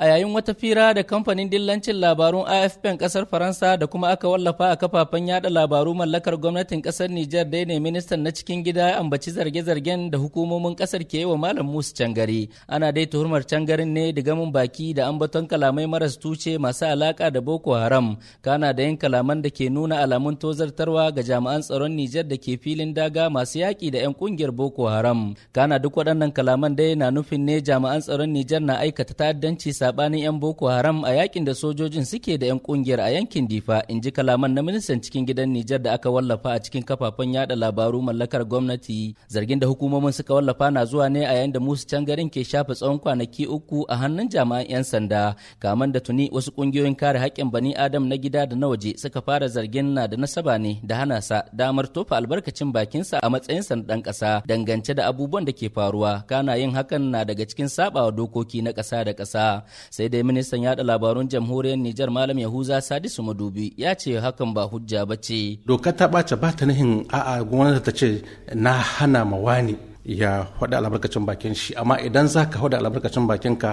a yayin wata fira da kamfanin dillancin labarun afp kasar faransa da kuma aka wallafa a kafafen yada labaru mallakar gwamnatin kasar nijar da ne ministan na cikin gida ambaci zarge-zargen da hukumomin kasar ke yi wa malam musu cangari ana dai tuhumar cangarin ne da gamin baki da ambaton kalamai maras tuce masu alaka da boko haram kana da yin kalaman da ke nuna alamun tozartarwa ga jami'an tsaron nijar da ke filin daga masu yaƙi da 'yan kungiyar boko haram kana duk waɗannan kalaman dai na nufin ne jami'an tsaron nijar na aikata ta'addanci sabanin 'yan Boko Haram a yakin da sojojin suke da 'yan kungiyar a yankin Difa, in ji kalaman na ministan cikin gidan Nijar da aka wallafa a cikin kafafen yada labaru mallakar gwamnati. Zargin da hukumomin suka wallafa na zuwa ne a yayin da Musu can garin ke shafe tsawon kwanaki uku a hannun jami'an 'yan sanda, kaman da tuni wasu kungiyoyin kare haƙƙin bani Adam na gida da na waje suka fara zargin na da nasaba ne da hana sa damar tofa albarkacin bakinsa a matsayinsa na ɗan ƙasa dangance da abubuwan da ke faruwa, kana yin hakan na daga cikin sabawa dokoki na ƙasa da ƙasa. sai dai ministan yada labarun jamhuriyar Nijar Malam Yahuza Sadisu Madubi ya ce hakan ba hujja ba ce. Doka ta ɓace ba ta nihin a'a gwamnati ta ce na hana ma wani ya faɗi albarkacin bakin shi amma idan za ka faɗi albarkacin bakin ka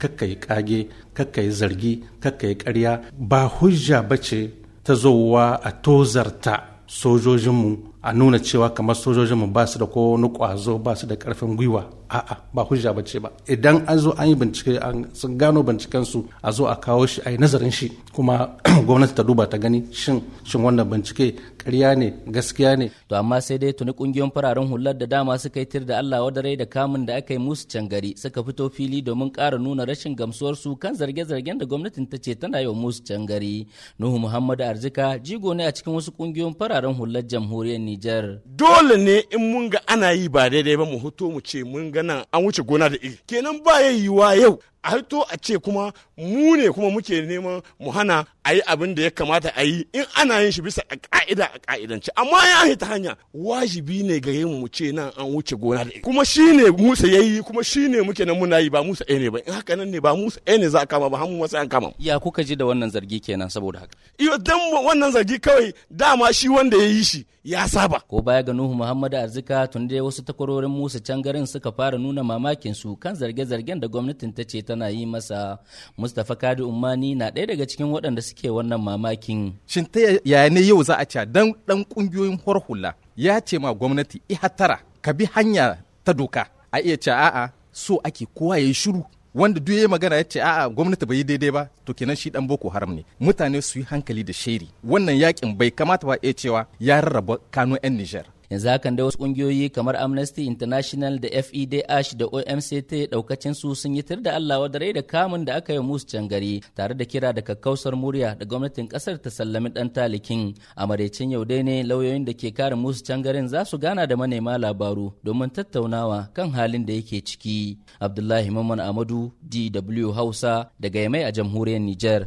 kakka yi ƙage kakka yi zargi kakka yi ƙarya ba hujja ba ce ta zowa a tozarta sojojinmu a nuna cewa kamar sojojin mu ba su da ko wani kwazo ba su da karfin gwiwa a'a ba hujja ba ce ba idan an zo an yi bincike sun gano binciken su a zo a kawo shi a yi nazarin shi kuma gwamnati ta duba ta gani shin shin wannan bincike ƙarya ne gaskiya ne to amma sai dai tuni kungiyoyin fararen hular da dama suka yi tir da Allah wadare da kamun da aka yi musu can gari suka fito fili domin ƙara nuna rashin gamsuwar su kan zarge-zargen da gwamnatin ta ce tana yi wa musu can gari Nuhu Muhammadu Arzika jigo ne a cikin wasu kungiyoyin fararen hular jamhuriyar Nijar dole ne in mun ga ana yi ba daidai ba mu hoto mu ce mun ga nan an wuce gona da iri kenan ba yayyuwa yau a harto a ce kuma mu ne kuma muke neman mu hana a yi abin da ya kamata a yi in ana yin shi bisa a ka'ida a ka'idance amma ya ta hanya wajibi ne gare mu mu ce nan an wuce gona da kuma shi ne musa ya yi kuma shi ne muke nan muna yi ba musa ne ba in haka nan ne ba musa ne za a kama ba hannun wasu an kama ya kuka ji da wannan zargi kenan saboda haka iyo dan wannan zargi kawai dama shi wanda ya yi shi ya saba ko baya ga Nuhu muhammadu Arzika tun dai wasu takwarorin Musa can garin suka fara nuna mamakin su kan zarge-zargen da gwamnatin ta ce ta tana yi masa Mustapha Kadi Ummani na ɗaya daga cikin waɗanda suke wannan mamakin. Shin ta yaya ne yau za a ce dan dan kungiyoyin horhula ya ce ma gwamnati ihatara ka bi hanya ta doka a iya ce a'a so ake kowa ya yi shiru wanda duk yayi magana ya ce a'a gwamnati bai yi daidai ba to kenan shi dan boko haram ne mutane su yi hankali da sheri wannan yakin bai kamata ba iya cewa ya rarraba kano yan nijar. yanzu hakan da wasu kungiyoyi kamar amnesty international da fedh da omct daukacin su sun yi tir da allah wadare da kamun da aka yi musu can gari tare da kira da kakkausar murya da gwamnatin kasar ta sallami dan talikin a maraicin yau dai ne lauyoyin da ke kare musu can garin za su gana da manema labaru domin tattaunawa kan halin da yake ciki abdullahi mamman amadu dw hausa daga yamai a jamhuriyar niger